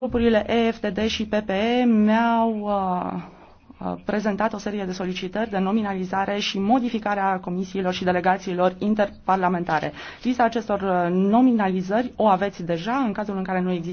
Grupurile EFTD și PPE mi-au uh, uh, prezentat o serie de solicitări de nominalizare și modificare a comisiilor și delegațiilor interparlamentare. Lista acestor uh, nominalizări o aveți deja în cazul în care nu există